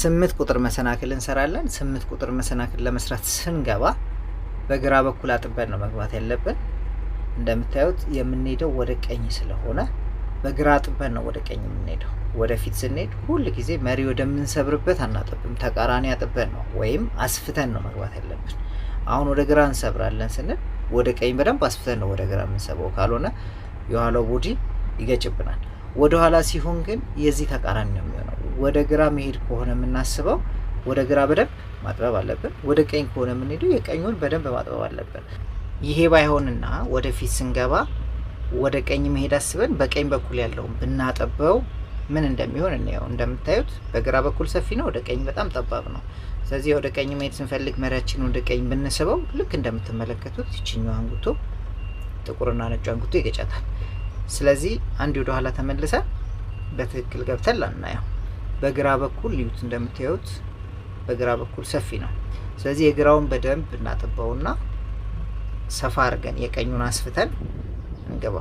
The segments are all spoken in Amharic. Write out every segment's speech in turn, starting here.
ስምንት ቁጥር መሰናክል እንሰራለን። ስምንት ቁጥር መሰናክል ለመስራት ስንገባ በግራ በኩል አጥበን ነው መግባት ያለብን። እንደምታዩት የምንሄደው ወደ ቀኝ ስለሆነ በግራ አጥበን ነው ወደ ቀኝ የምንሄደው። ወደፊት ስንሄድ ሁል ጊዜ መሪ ወደምንሰብርበት አናጠብም፣ ተቃራኒ አጥበን ነው ወይም አስፍተን ነው መግባት ያለብን። አሁን ወደ ግራ እንሰብራለን ስንል ወደ ቀኝ በደንብ አስፍተን ነው ወደ ግራ የምንሰበው፣ ካልሆነ የኋላው ቦዲ ይገጭብናል። ወደኋላ ሲሆን ግን የዚህ ተቃራኒ ነው የሚሆነው ወደ ግራ መሄድ ከሆነ የምናስበው ወደ ግራ በደንብ ማጥበብ አለብን። ወደ ቀኝ ከሆነ የምንሄደው የቀኙን በደንብ ማጥበብ አለብን። ይሄ ባይሆንና ወደፊት ስንገባ ወደ ቀኝ መሄድ አስበን በቀኝ በኩል ያለውን ብናጠበው ምን እንደሚሆን እንየው። እንደምታዩት በግራ በኩል ሰፊ ነው፣ ወደ ቀኝ በጣም ጠባብ ነው። ስለዚህ ወደ ቀኝ መሄድ ስንፈልግ መሪያችን ወደ ቀኝ ብንስበው ልክ እንደምትመለከቱት ይችኛው አንጉቶ ጥቁርና ነጩ አንጉቶ ይገጫታል። ስለዚህ አንድ ወደ ኋላ ተመልሰን በትክክል ገብተን ላናየው በግራ በኩል ሊዩት እንደምታዩት በግራ በኩል ሰፊ ነው። ስለዚህ የግራውን በደንብ እናጥበውና ሰፋ አድርገን የቀኙን አስፍተን እንገባ።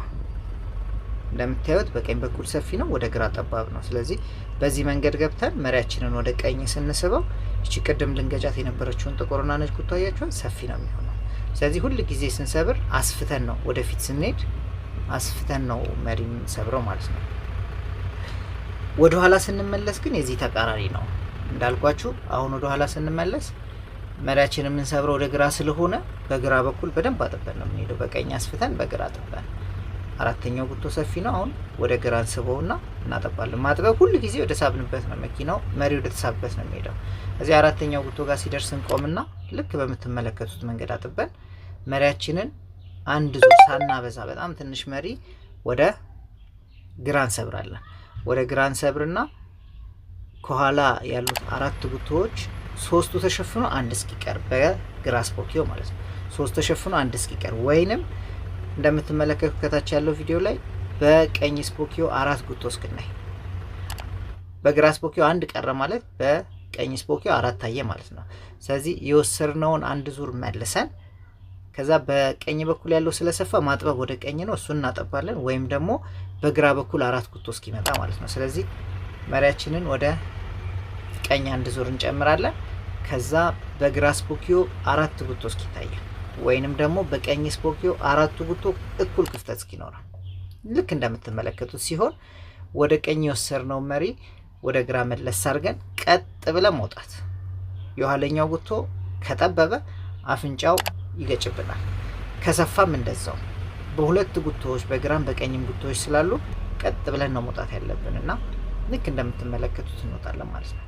እንደምታዩት በቀኝ በኩል ሰፊ ነው፣ ወደ ግራ ጠባብ ነው። ስለዚህ በዚህ መንገድ ገብተን መሪያችንን ወደ ቀኝ ስንስበው እቺ ቅድም ልንገጫት የነበረችውን ጥቁርና ነጭ ኩታያችሁን ሰፊ ነው የሚሆነው። ስለዚህ ሁል ጊዜ ስንሰብር አስፍተን ነው፣ ወደፊት ስንሄድ አስፍተን ነው መሪ የምንሰብረው ማለት ነው። ወደ ኋላ ስንመለስ ግን የዚህ ተቃራኒ ነው። እንዳልኳችሁ አሁን ወደ ኋላ ስንመለስ መሪያችን የምንሰብረው ወደ ግራ ስለሆነ በግራ በኩል በደንብ አጥበን ነው የምንሄደው። በቀኝ አስፍተን በግራ አጥበን። አራተኛው ጉቶ ሰፊ ነው። አሁን ወደ ግራ እንስበውና እናጠባለን። ማጥበብ ሁል ጊዜ ወደ ሳብንበት ነው መኪናው መሪ ወደ ተሳብበት ነው የሚሄደው። እዚህ አራተኛው ጉቶ ጋር ሲደርስ እንቆምና ልክ በምትመለከቱት መንገድ አጥበን መሪያችንን አንድ ዙር ሳናበዛ በጣም ትንሽ መሪ ወደ ግራ እንሰብራለን። ወደ ግራን ሰብርና ከኋላ ያሉት አራት ጉቶዎች ሶስቱ ተሸፍኖ አንድ እስኪቀር በግራ ስፖኪዮ ማለት ነው። ሶስት ተሸፍኖ አንድ እስኪቀር ወይንም እንደምትመለከቱት ከታች ያለው ቪዲዮ ላይ በቀኝ ስፖኪዮ አራት ጉቶ እስክናይ በግራ ስፖኪዮ አንድ ቀረ ማለት በቀኝ ስፖኪዮ አራት ታየ ማለት ነው። ስለዚህ የወሰድነውን አንድ ዙር መልሰን ከዛ በቀኝ በኩል ያለው ስለሰፋ ማጥበብ ወደ ቀኝ ነው፣ እሱን እናጠባለን። ወይም ደግሞ በግራ በኩል አራት ጉቶ እስኪመጣ ማለት ነው። ስለዚህ መሪያችንን ወደ ቀኝ አንድ ዙር እንጨምራለን። ከዛ በግራ ስፖኪዮ አራት ጉቶ እስኪታያል፣ ወይንም ደግሞ በቀኝ ስፖኪዮ አራቱ ጉቶ እኩል ክፍተት እስኪኖረው ልክ እንደምትመለከቱት ሲሆን ወደ ቀኝ የወሰድነው መሪ ወደ ግራ መለስ አድርገን ቀጥ ብለን መውጣት የኋለኛው ጉቶ ከጠበበ አፍንጫው ይገጭብናል። ከሰፋም እንደዛው በሁለት ጉቶዎች በግራም በቀኝም ጉቶዎች ስላሉ ቀጥ ብለን ነው መውጣት ያለብን እና ልክ እንደምትመለከቱት እንወጣለን ማለት ነው።